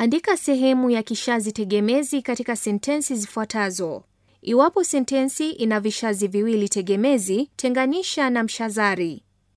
Andika sehemu ya kishazi tegemezi katika sentensi zifuatazo. Iwapo sentensi ina vishazi viwili tegemezi, tenganisha na mshazari.